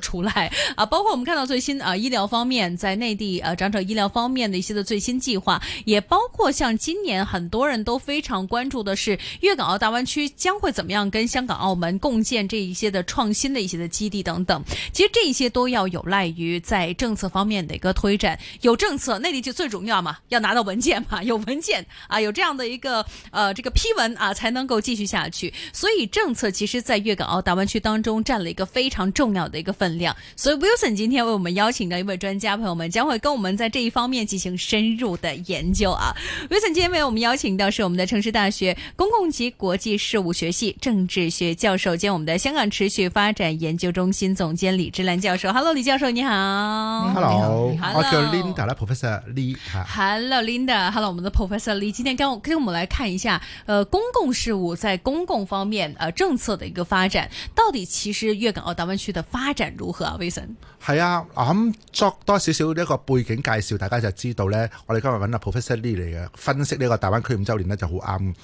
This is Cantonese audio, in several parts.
出來啊！包括我們看到最新啊，醫療方面在內地啊，長者醫療方面的一些的最新計劃，也包括像今年很多人都非常關注的是，粵港澳大灣區將會怎麼樣跟香港、澳門共建這一些的創新的一些的基地等等。其實這一些都要有賴於在政策方面的一個推展。有政策，內地就最重要嘛，要拿到文件嘛，有文件啊，有這樣的一個呃這個批文啊，才能夠繼續下去。所以政策其實在粵港澳大灣區當中佔了一個非常重要的一個分量，所、so、以 Wilson 今天為我們邀請到一位專家朋友們將會跟我們在這一方面進行深入的研究啊。Wilson 今天為我們邀請到是我們的城市大學公共及國際事務學係政治學教授兼我們的香港持續發展研究中心總監李芝蘭教授。Hello，李教授，你好。Hello，我叫 Linda 啦，Professor Li 哈 Hello，Linda，Hello，我們的 Professor Li 今天跟跟我們來看一下呃公共事務在公共方面呃政策的一個發展，到底其實粵港澳大灣區的發展。如何啊？非常，係啊，我諗作多少少呢個背景介紹，大家就知道呢。我哋今日揾阿 Professor Lee 嚟嘅，分析呢個大灣區五週年呢就好啱。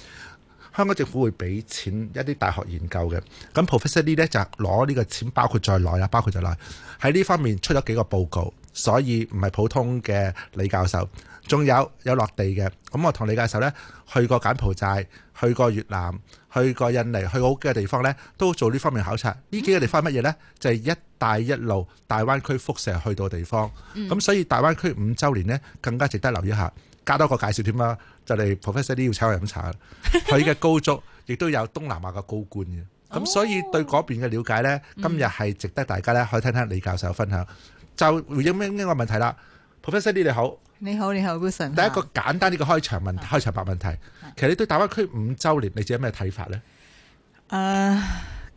香港政府會俾錢一啲大學研究嘅，咁 Professor Lee 呢就攞呢個錢，包括在內啊，包括在內。喺呢方面出咗幾個報告，所以唔係普通嘅李教授。仲有有落地嘅。咁我同李教授呢去過柬埔寨，去過越南。去過印尼，去好幾個地方咧，都做呢方面考察。呢幾個地方係乜嘢咧？就係、是、一帶一路、大灣區輻射去到嘅地方。咁、嗯、所以大灣區五週年咧，更加值得留意下，加多個介紹添啦。就嚟 Professor Lee 要請我飲茶，佢嘅高足亦 都有東南亞嘅高官嘅。咁所以對嗰邊嘅了解咧，今日係值得大家咧可以聽聽李教授嘅分享。就回應呢一個問題啦。Professor Lee，你好。你好，你好，Wilson。第一個簡單啲嘅開場問，開場白問題。其實你對大灣區五週年，你自己有咩睇法咧？誒、uh...。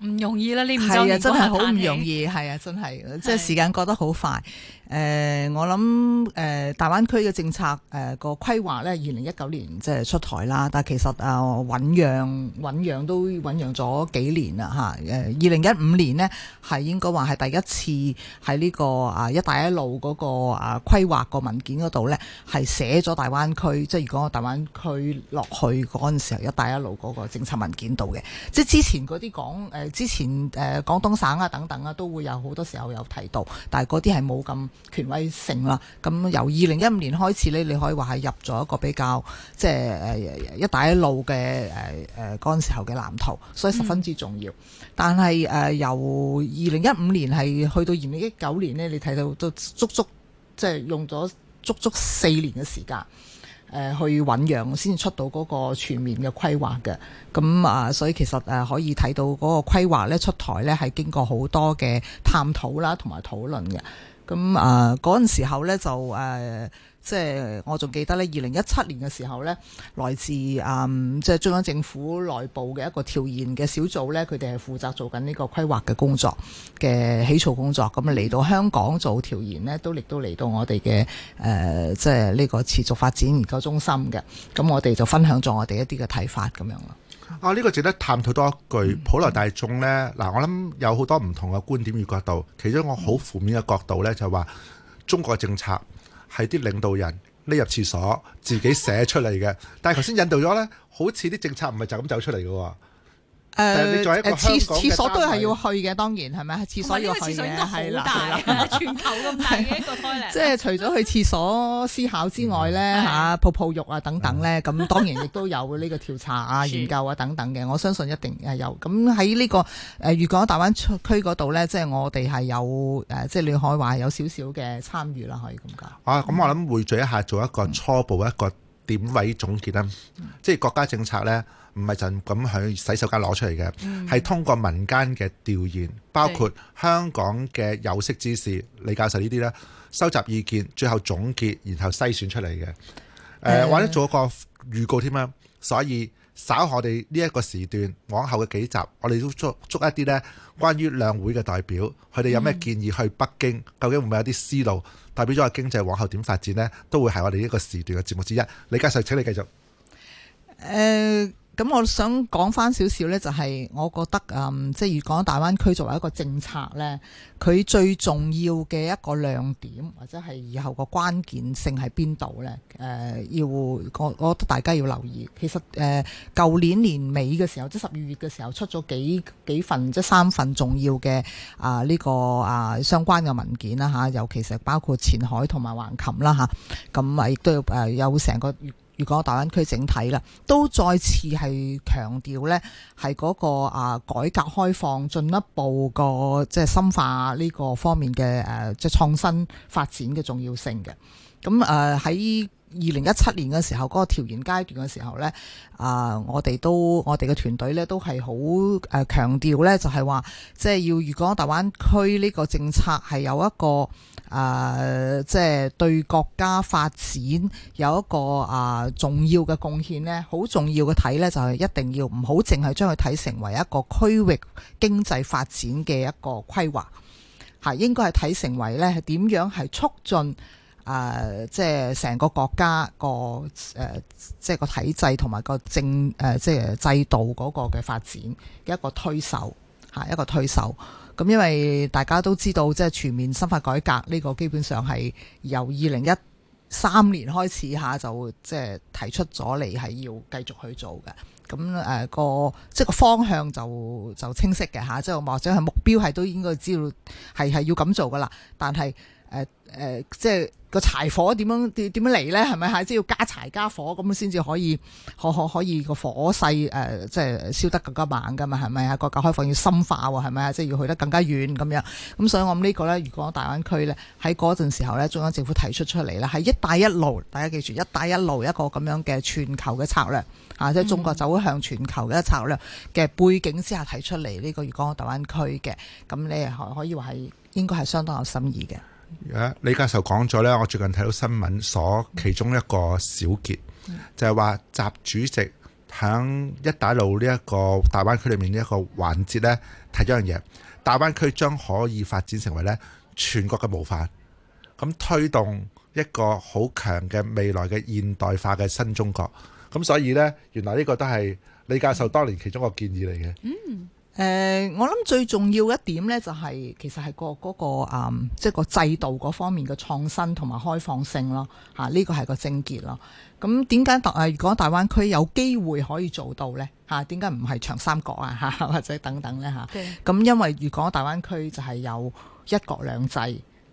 唔容易啦，呢唔係啊，真係好唔容易，係啊，啊，真係，即係、啊、時間過得好快。誒、呃，我諗誒、呃，大灣區嘅政策誒個規劃咧，二零一九年即係出台啦，但係其實、呃、啊，醞釀醞釀都醞釀咗幾年啦吓。誒，二零一五年咧，係應該話係第一次喺呢、這個啊一帶一路嗰個啊規劃個文件嗰度咧，係寫咗大灣區，即、就、係、是、如果大灣區落去嗰陣時候一帶一路嗰個政策文件度嘅。即係之前嗰啲講誒。呃之前誒、呃、廣東省啊等等啊都會有好多時候有提到，但係嗰啲係冇咁權威性啦。咁由二零一五年開始呢，你可以話係入咗一個比較即係、呃、一帶一路嘅誒誒嗰陣時候嘅藍圖，所以十分之重要。嗯、但係誒、呃、由二零一五年係去到二零一九年呢，你睇到都足足即係用咗足足四年嘅時間。誒去醖釀先出到嗰個全面嘅規劃嘅，咁啊，所以其實誒可以睇到嗰個規劃咧出台咧係經過好多嘅探討啦，同埋討論嘅，咁啊嗰陣時候咧就誒。呃即係我仲記得咧，二零一七年嘅時候呢，來自誒、嗯、即係中央政府內部嘅一個調研嘅小組呢，佢哋係負責做緊呢個規劃嘅工作嘅起草工作。咁啊嚟到香港做調研呢，都亦都嚟到我哋嘅誒即係呢個持續發展研究中心嘅。咁我哋就分享咗我哋一啲嘅睇法咁樣咯。啊，呢、這個值得探討多一句。普羅大眾呢，嗱、嗯啊，我諗有好多唔同嘅觀點與角度。其中一個好負面嘅角度呢，嗯、就話、是、中國政策。係啲領導人匿入廁所自己寫出嚟嘅，但係頭先引導咗呢，好似啲政策唔係就咁走出嚟嘅。誒、呃，廁所都係要去嘅、呃，當然係咪？廁所要去嘅，係啦、啊，全球咁大嘅一個概念。即係除咗去廁所思考之外咧，吓、嗯啊、泡泡浴啊等等咧，咁、嗯、當然亦都有呢個調查啊、 研究啊等等嘅。我相信一定係有。咁喺呢個誒粵、呃、港大灣區嗰度咧，即、就、係、是、我哋係有誒，即係你可以話有少少嘅參與啦，可以咁講、嗯。啊，咁、嗯嗯、我諗匯聚一下，做一個初步一個點位總結啦、嗯嗯。即係國家政策咧。唔係就咁喺洗手間攞出嚟嘅，係、嗯、通過民間嘅調研，包括香港嘅有識之士李教授呢啲呢，收集意見，最後總結，然後篩選出嚟嘅。誒、呃嗯，或者做一個預告添啦。所以稍我哋呢一個時段，往後嘅幾集，我哋都捉捉一啲呢關於兩會嘅代表，佢哋有咩建議去北京，究竟會唔會有啲思路？代表咗個經濟往後點發展呢？都會係我哋呢個時段嘅節目之一。李教授請你繼續。誒、嗯。咁我想講返少少呢，就係我覺得嗯，即係粵港大灣區作為一個政策呢，佢最重要嘅一個亮點或者係以後個關鍵性喺邊度呢？誒、呃，要我我覺得大家要留意。其實誒，舊年年尾嘅時候，即十二月嘅時候，出咗幾幾份即三份重要嘅啊呢個啊相關嘅文件啦嚇，尤其是包括前海同埋橫琴啦嚇，咁啊亦都要誒有成個。如果大灣區整體啦，都再次係強調咧，係嗰個啊改革開放進一步個即係深化呢個方面嘅，誒即係創新發展嘅重要性嘅。噉誒喺二零一七年嘅時候，嗰、那個調研階段嘅時候呢，啊、呃，我哋都我哋嘅團隊呢都係好誒強調呢，就係話，即係要如果大灣區呢個政策係有一個誒、呃，即係對國家發展有一個啊、呃、重要嘅貢獻呢，好重要嘅睇呢，就係一定要唔好淨係將佢睇成為一個區域經濟發展嘅一個規劃嚇，應該係睇成為呢點樣係促進。啊、呃，即係成個國家個誒，即、呃、係、就是、個體制同埋個政誒，即、呃、係、就是、制度嗰個嘅發展一個推手吓，一個推手。咁、啊嗯、因為大家都知道，即、就、係、是、全面深化改革呢、這個基本上係由二零一三年開始吓、啊，就即係提出咗嚟，係要繼續去做嘅。咁、嗯、誒、呃，個即係個方向就就清晰嘅吓，即係或者係目標係都應該知道係係要咁做噶啦。但係。誒、呃、誒、呃，即係個柴火點樣點點樣嚟呢？係咪嚇？即係要加柴加火咁先至可以可可可以個火勢誒、呃，即係燒得更加猛噶嘛？係咪啊？國家開放要深化喎？係咪啊？即係要去得更加遠咁樣。咁所以，我諗呢個呢，粵港澳大灣區呢，喺嗰陣時候呢，中央政府提出出嚟呢，係一帶一路，大家記住一帶一路一個咁樣嘅全球嘅策略啊、嗯，即係中國走向全球嘅策略嘅背景之下提出嚟呢個粵港澳大灣區嘅，咁你係可以話係應該係相當有心意嘅。李教授講咗呢，我最近睇到新聞，所其中一個小結就係話習主席響一帶路呢一個大灣區裏面呢一個環節呢，睇咗一樣嘢，大灣區將可以發展成為呢全國嘅模範，咁推動一個好強嘅未來嘅現代化嘅新中國。咁所以呢，原來呢個都係李教授當年其中一個建議嚟嘅。嗯誒、呃，我諗最重要一點呢、就是，就係其實係、那個嗰、那個、嗯、即係個制度嗰方面嘅創新同埋開放性咯，嚇、啊、呢個係個症結咯。咁點解大誒？如果大灣區有機會可以做到呢？嚇點解唔係長三角啊？嚇、啊、或者等等呢？嚇、啊。咁因為如果大灣區就係有一國兩制，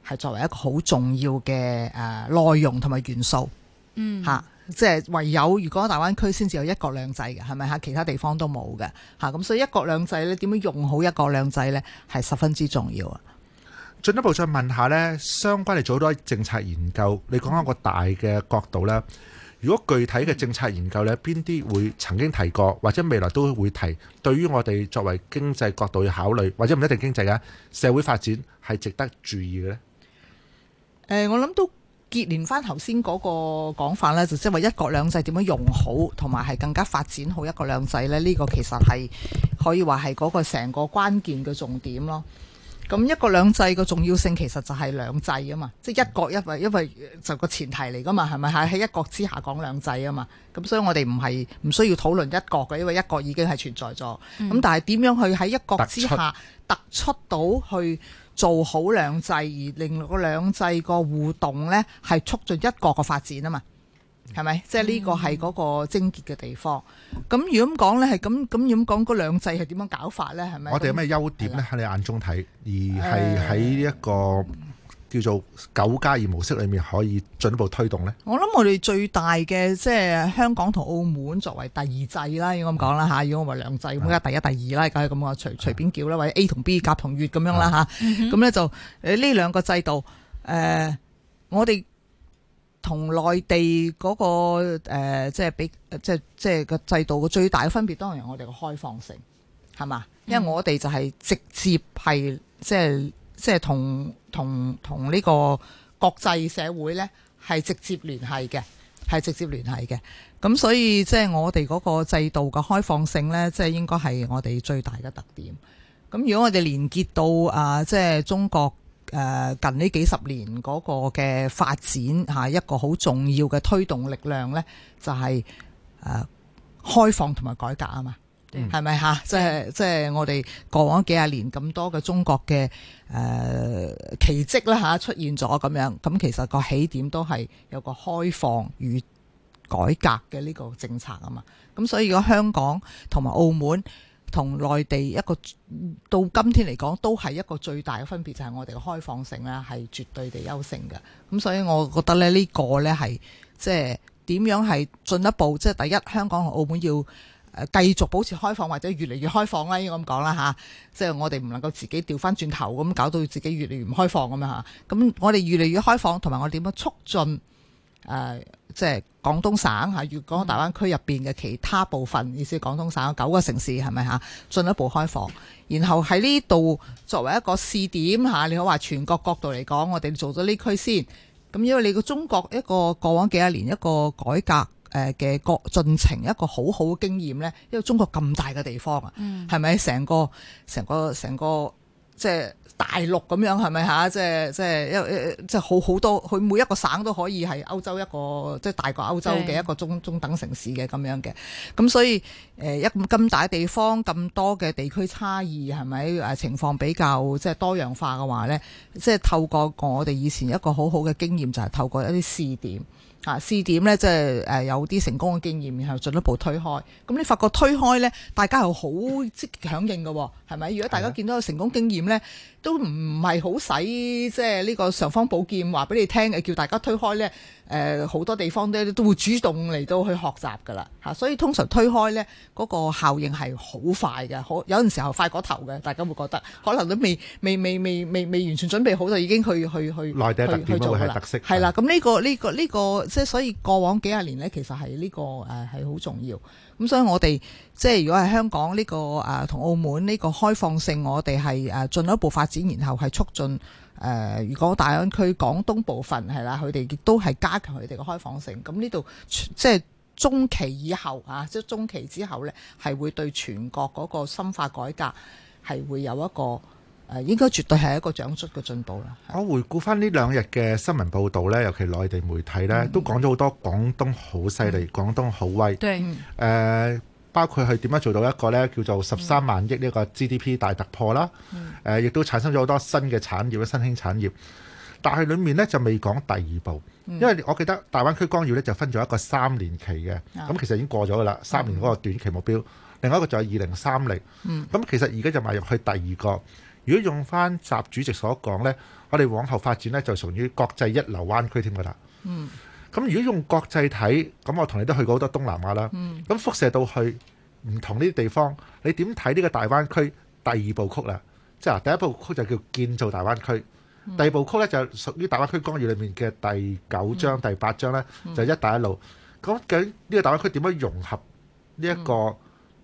係作為一個好重要嘅誒、啊、內容同埋元素，啊、嗯嚇。即、係唯有，如果大灣區先至有一國兩制嘅，係咪吓？其他地方都冇嘅吓，咁所以一國兩制呢，點樣用好一國兩制呢？係十分之重要啊！進一步再問下呢，相關你做好多政策研究，你講翻個大嘅角度啦。如果具體嘅政策研究呢，邊啲會曾經提過，或者未來都會提？對於我哋作為經濟角度去考慮，或者唔一定經濟嘅社會發展係值得注意嘅呢？誒，我諗都。結連翻頭先嗰個講法呢，就即係話一國兩制點樣用好，同埋係更加發展好一國兩制呢，呢、呢個其實係可以話係嗰個成個關鍵嘅重點咯。咁一國兩制嘅重要性其實就係兩制啊嘛，即、就、係、是、一國一，因為就個前提嚟噶嘛，係咪係喺一國之下講兩制啊嘛？咁所以我哋唔係唔需要討論一國嘅，因為一國已經係存在咗。咁、嗯、但係點樣去喺一國之下突出，突出到去，做好兩制，而令個兩制個互動呢係促進一國嘅發展啊嘛，係咪？嗯、即係呢個係嗰個癥結嘅地方。咁如果咁講呢，係咁咁，如果咁講，嗰兩制係點樣搞法呢？係咪？我哋有咩優點呢？喺你眼中睇，而係喺一個。叫做九加二模式裏面可以進一步推動咧。我諗我哋最大嘅即係香港同澳門作為第二制啦，如果咁講啦嚇，如果我話兩制咁，而家第一第二啦。梗係咁啊，隨隨便叫啦，或者 A 同 B 甲同乙咁樣啦吓，咁、嗯、咧就呢兩個制度、呃、我哋同內地嗰、那個、呃、即係比即係即係個制度嘅最大嘅分別，當然我哋嘅開放性係嘛、嗯，因為我哋就係直接係即係。即係同同同呢個國際社會咧，係直接聯繫嘅，係直接聯繫嘅。咁所以即係我哋嗰個制度嘅開放性咧，即係應該係我哋最大嘅特點。咁如果我哋連結到啊，即係中國誒、啊、近呢幾十年嗰個嘅發展吓、啊、一個好重要嘅推動力量咧，就係、是、誒、啊、開放同埋改革啊嘛。係咪吓？即係即係我哋過往幾十年咁多嘅中國嘅誒、呃、奇蹟啦、啊、出現咗咁樣，咁其實個起點都係有個開放與改革嘅呢個政策啊嘛。咁所以個香港同埋澳門同內地一個到今天嚟講，都係一個最大嘅分別，就係、是、我哋嘅開放性咧係絕對地優勝嘅。咁所以我覺得咧呢個呢係即係點樣係進一步，即係第一香港同澳門要繼續保持開放或者越嚟越開放啦，應該咁講啦，嚇即係我哋唔能夠自己調翻轉頭，咁搞到自己越嚟越唔開放咁啊，咁我哋越嚟越開放，同埋我點樣促進誒，即、呃、係、就是、廣東省、啊、粵港澳大灣區入面嘅其他部分，意思是廣東省九個城市係咪嚇？進一步開放，然後喺呢度作為一個試點、啊、你可話全國角度嚟講，我哋做咗呢區先。咁、啊、因為你個中國一個過往幾十年一個改革。誒嘅國進程一個好好嘅經驗呢，因為中國咁大嘅地方啊，係咪成個成個成個即係大陸咁樣係咪吓？即係即係即係好好多，佢每一個省都可以係歐洲一個即係大過歐洲嘅一個中中等城市嘅咁樣嘅。咁所以一咁、呃、大地方咁多嘅地區差異係咪誒情況比較即係多元化嘅話呢？即係透過我哋以前一個好好嘅經驗，就係、是、透過一啲試點。啊，試點呢，即係誒有啲成功嘅經驗，然後進一步推開。咁你發覺推開呢，大家又好積極響應嘅，係咪？如果大家見到成功經驗呢，都唔係好使，即係呢個上方寶劍話俾你聽，叫大家推開呢，誒、呃、好多地方呢都會主動嚟到去學習㗎啦。所以通常推開呢，嗰、那個效應係好快嘅，好有陣時候快過頭嘅，大家會覺得可能都未未未未未，未完全準備好就已經去去去地特點去，去做啦。係啦，咁呢、呢個呢、呢個呢、呢個即係所以過往幾廿年呢，其實係呢、呢個誒係好重要咁，所以我哋即係如果係香港呢、呢個誒同、啊、澳門呢個開放性，我哋係誒進一步發展，然後係促進誒、呃。如果大灣區廣東部分係啦，佢哋亦都係加強佢哋嘅開放性。咁呢度即係中期以後啊，即係中期之後呢，係會對全國嗰個深化改革係會有一個。誒應該絕對係一個長足嘅進步啦！我回顧翻呢兩日嘅新聞報道咧，尤其內地媒體咧、嗯，都講咗好多廣東好犀利，廣東好威。對，誒、呃，包括係點樣做到一個咧叫做十三萬億呢個 GDP 大突破啦。誒、嗯呃，亦都產生咗好多新嘅產業，新興產業，但係裡面呢，就未講第二步，因為我記得大灣區綱要呢就分咗一個三年期嘅，咁、嗯、其實已經過咗噶啦，三年嗰個短期目標，嗯、另外一個就係二零三零。嗯，咁其實而家就邁入去第二個。如果用翻習主席所講呢，我哋往後發展呢就屬於國際一流灣區添㗎啦。嗯，咁如果用國際睇，咁我同你都去過好多東南亞啦。嗯，咁輻射到去唔同呢啲地方，你點睇呢個大灣區第二部曲啦？即係第一部曲就叫建造大灣區，第二部曲呢就屬於大灣區光譜裏面嘅第九章、第八章呢，就一帶一路。咁究竟呢個大灣區點樣融合呢一個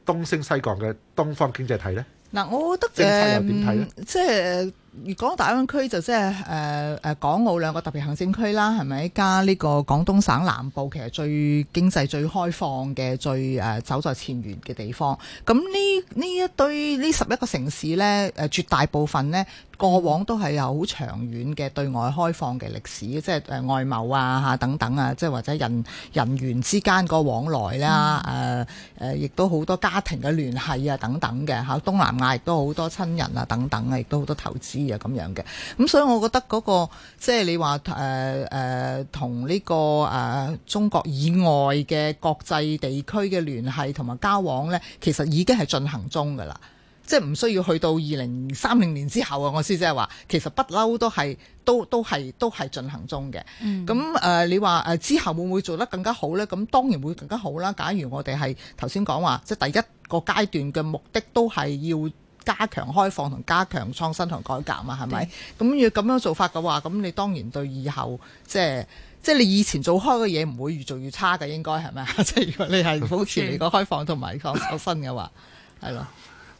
東升西降嘅東方經濟體呢？嗱、嗯，我覺得誒、嗯，即係粵港大灣區就即係誒誒港澳兩個特別行政區啦，係咪？加呢個廣東省南部，其實最經濟最開放嘅、最誒走在前沿嘅地方。咁呢呢一堆呢十一個城市咧，誒絕大部分咧，過往都係有好長遠嘅對外開放嘅歷史，即係誒外貿啊吓等等啊，即係或者人人員之間個往來啦，誒誒亦都好多家庭嘅聯繫啊等等嘅吓。東南亞亦都好多親人啊等等啊，亦都好多投資。咁樣嘅，咁所以我覺得嗰、那個即係你話誒誒，同呢、這個誒、呃、中國以外嘅國際地區嘅聯繫同埋交往呢，其實已經係進行中㗎喇，即係唔需要去到二零三零年之後啊，我先即係話，其實不嬲都係都是都係都係進行中嘅。咁、嗯、誒、呃，你話誒之後會唔會做得更加好呢？咁當然會更加好啦。假如我哋係頭先講話，即係第一個階段嘅目的都係要。加強開放同加強創新同改革嘛，係咪？咁要咁樣做法嘅話，咁你當然對以後即係即係你以前做開嘅嘢，唔會越做越差嘅，應該係咪？即係如果你係保持你個開放同埋創新嘅話，係咯。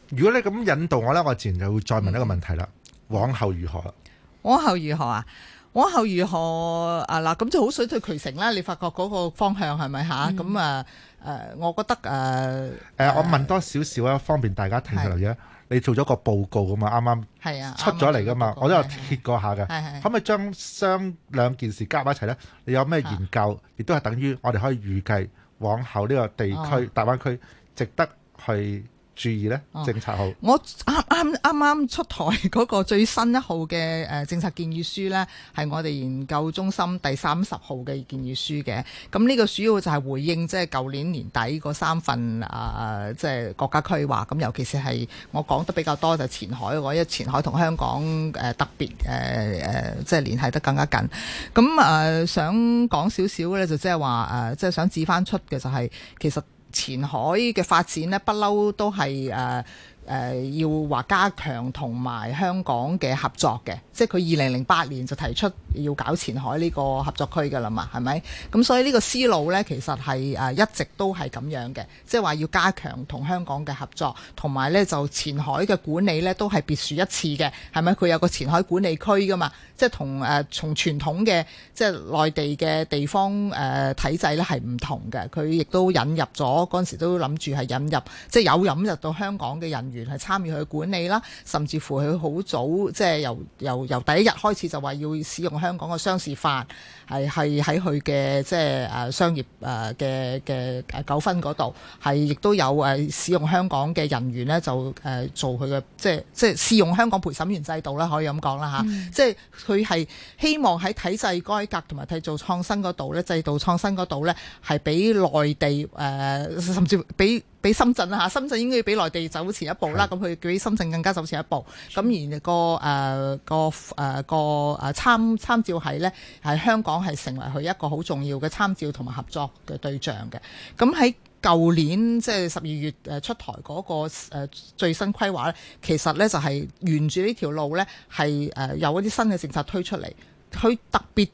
如果你咁 引導我呢，我自然就會再問一個問題啦。嗯、往後如何？往後如何啊？往後如何啊？嗱、啊，咁就好水退渠成水到渠成啦。你發覺嗰個方向係咪吓，咁、嗯、啊誒、啊，我覺得誒誒、啊呃，我問多少少啊，方便大家聽下。嚟嘅。你做咗個報告咁嘛，啱啱出咗嚟㗎嘛、啊啱啱？我都有貼過下嘅，係係係係可唔可以將兩件事加埋一齊咧？你有咩研究？亦都係等於我哋可以預計往後呢個地區、哦，大灣區值得去。注意呢政策好。哦、我啱啱啱啱出台嗰個最新一號嘅誒政策建議書咧，係我哋研究中心第三十號嘅建議書嘅。咁、嗯、呢、這個主要就係回應即係舊年年底嗰三份啊，即、呃、係、就是、國家規劃，咁、嗯、尤其是係我講得比較多就前海嗰個，因為前海同香港誒特別誒誒即係聯繫得更加緊。咁、嗯、誒、呃、想講少少咧，就，就、呃、即係話誒即係想指翻出嘅就係、是、其實。前海嘅發展咧，不嬲都係誒。誒、呃、要話加強同埋香港嘅合作嘅，即係佢二零零八年就提出要搞前海呢個合作區㗎啦嘛，係咪？咁所以呢個思路呢，其實係、呃、一直都係咁樣嘅，即係話要加強同香港嘅合作，同埋呢，就前海嘅管理呢，都係別樹一幟嘅，係咪？佢有個前海管理區㗎嘛，即係同誒、呃、從傳統嘅即係內地嘅地方誒、呃、體制呢，係唔同嘅，佢亦都引入咗嗰陣時都諗住係引入，即係有引入到香港嘅人員。係參與佢管理啦，甚至乎佢好早即係由由由第一日開始就話要使用香港嘅商事法，係係喺佢嘅即係誒商業誒嘅嘅誒糾紛嗰度，係、呃、亦、呃、都有誒使用香港嘅人員咧，就誒、呃、做佢嘅即係即係試用香港陪審員制度啦，可以咁講啦吓，即係佢係希望喺體制改革同埋體制創新嗰度咧，制度創新嗰度咧係俾內地誒、呃、甚至俾。俾深圳啦吓，深圳應該要俾內地走前一步啦，咁佢俾深圳更加走前一步，咁而、嗰個誒個誒個誒參參照系呢，係香港係成為佢一個好重要嘅參照同埋合作嘅對象嘅。咁喺舊年即係十二月出台嗰個最新規劃咧，其實呢就係沿住呢條路呢，係誒有一啲新嘅政策推出嚟，佢特別。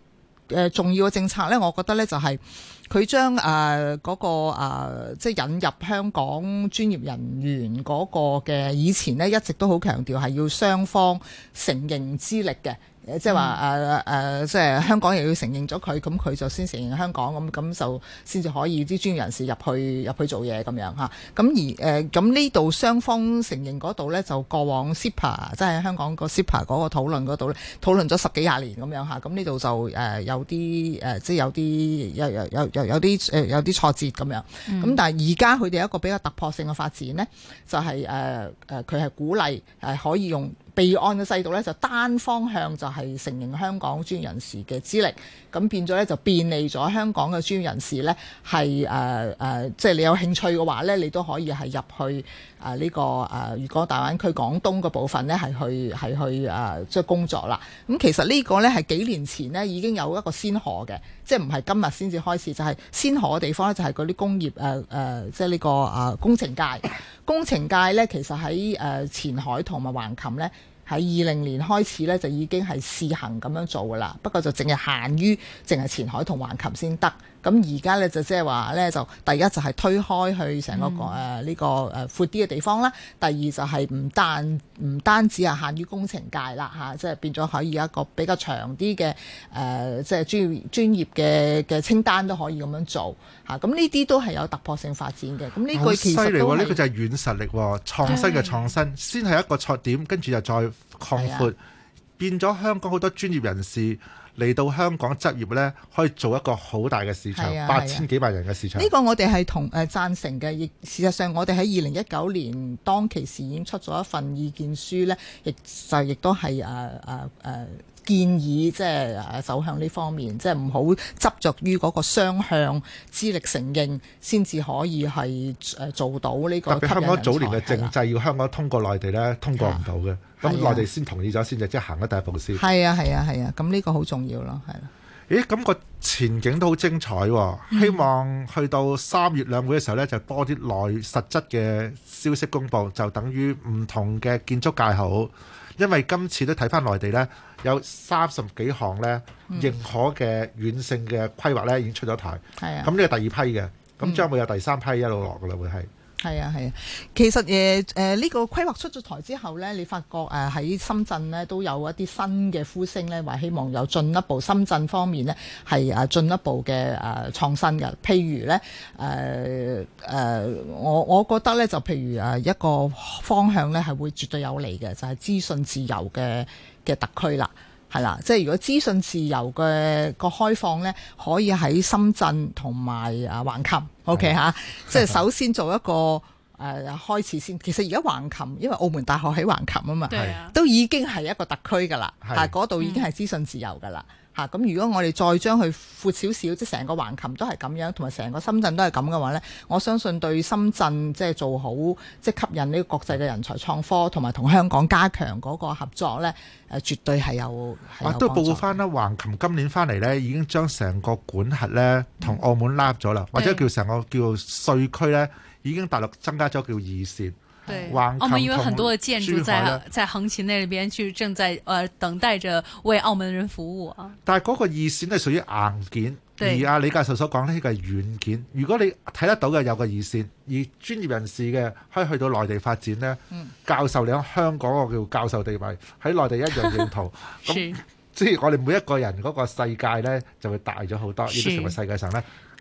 呃、重要嘅政策咧，我覺得咧，就係佢將誒嗰個、呃、即係引入香港專業人員嗰個嘅，以前咧，一直都好強調係要雙方承認資歷嘅。即係話誒即係香港又要承認咗佢，咁佢就先承認香港，咁咁就先至可以啲專業人士入去入去做嘢咁樣嚇。咁而誒咁呢度雙方承認嗰度咧，就過往 SIPA 即係香港個 SIPA 嗰個討論嗰度咧，討論咗十幾廿年咁樣嚇。咁呢度就誒、呃、有啲誒，即、呃、係有啲有有有有有啲有啲挫折咁樣。咁、嗯、但係而家佢哋一個比較突破性嘅發展咧，就係誒誒佢係鼓勵、呃、可以用。備案嘅制度咧就單方向就係承認香港專業人士嘅資歷，咁變咗咧就便利咗香港嘅專業人士咧係誒誒，即係、呃呃就是、你有興趣嘅話咧，你都可以係入去誒呢、呃這個誒粵港澳大灣區廣東嘅部分咧，係去係去誒即係工作啦。咁、呃、其實呢個咧係幾年前咧已經有一個先河嘅，即係唔係今日先至開始，就係、是、先河嘅地方咧就係嗰啲工業誒誒，即係呢個啊、呃、工程界，工程界咧其實喺誒、呃、前海同埋橫琴咧。喺二零年開始咧，就已經係試行咁樣做㗎喇，不過就淨係限於淨係前海同橫琴先得。咁而家咧，就即係話咧，就第一就係推開去成個誒呢個誒闊啲嘅地方啦、嗯，第二就係唔單唔單止係限於工程界啦，嚇，即係變咗可以一個比較長啲嘅誒即係專業專業嘅嘅清單都可以咁樣做嚇，咁呢啲都係有突破性發展嘅。咁、嗯、呢、呢個其實犀利呢個就係軟實力、啊，創新嘅創新是的先係一個錯點，跟住就再擴闊。.變咗香港好多專業人士嚟到香港執業呢，可以做一個好大嘅市場，啊、八千幾萬人嘅市場。呢、啊啊呢個我哋係同誒、呃、贊成嘅，亦事實上我哋喺二零一九年當其時已經出咗一份意見書呢亦就亦都係誒誒誒。啊啊啊建議即係走向呢方面，即係唔好執着於嗰個雙向資歷承認，先至可以係誒做到呢個。特別香港早年嘅政制，啊就是、要香港通過內地呢，通過唔到嘅，咁、啊、內地先同意咗先，就即係行咗第一步先。係啊係啊係啊！咁呢、啊啊啊、個好重要咯，係啦、啊。咦？咁、那個前景都好精彩喎、哦嗯！希望去到三月兩會嘅時候呢，就多啲內實質嘅消息公布，就等於唔同嘅建築界好。因為今次都睇翻內地呢，有三十幾項呢認可嘅軟性嘅規劃呢已經出咗台。咁呢個第二批嘅，咁將會有第三批一路落㗎啦，會係。係啊，係啊，其實誒誒呢個規劃出咗台之後呢，你發覺誒喺、呃、深圳呢都有一啲新嘅呼聲呢，話希望有進一步深圳方面呢，係啊，進一步嘅誒、啊、創新嘅，譬如呢，誒、呃、誒、呃、我我覺得呢，就譬如誒一個方向呢係會絕對有利嘅，就係資訊自由嘅嘅特區啦。係啦，即係如果資訊自由嘅個開放呢，可以喺深圳同埋啊橫琴，OK 吓的，即係首先做一個誒、呃、開始先。其實而家橫琴，因為澳門大學喺橫琴啊嘛，的都已經係一個特區噶啦，但係嗰度已經係資訊自由噶啦。嚇！咁、啊、如果我哋再將佢闊少少，即係成個橫琴都係咁樣，同埋成個深圳都係咁嘅話呢，我相信對深圳即係做好，即係吸引呢個國際嘅人才創科，同埋同香港加強嗰個合作呢誒、呃、絕對係有。我、啊、都報翻啦，橫琴今年翻嚟呢已經將成個管轄呢同澳門拉咗啦，嗯、或者叫成個叫做稅區呢已經大陸增加咗叫二線。對澳，澳門因為很多嘅建築在在橫琴那邊去正在，呃，等待着為澳門人服務啊。但係嗰個二線係屬於硬件，而阿李教授所講呢個係軟件。如果你睇得到嘅有個二線，而專業人士嘅可以去到內地發展呢、嗯、教授你喺香港個叫教授地位喺內地一樣認同。咁 即係我哋每一個人嗰個世界呢，就會大咗好多。呢啲成為世界上呢，